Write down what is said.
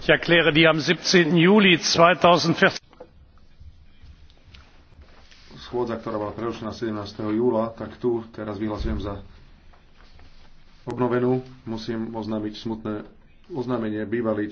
ich erkläre die am. siebzehn juli zweitausendvierzehn schôdza, ktorá bola prerušená 17. júla, tak tu teraz vyhlasujem za obnovenú. Musím oznámiť smutné oznámenie bývalý